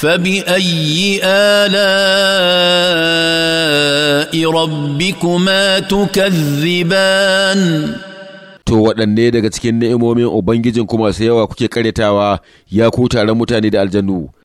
فبأي آلاء ربكما تكذبان to waɗanne daga cikin ni'imomin ubangijin kuma sai yawa kuke karyatawa ya ku taron mutane da aljannu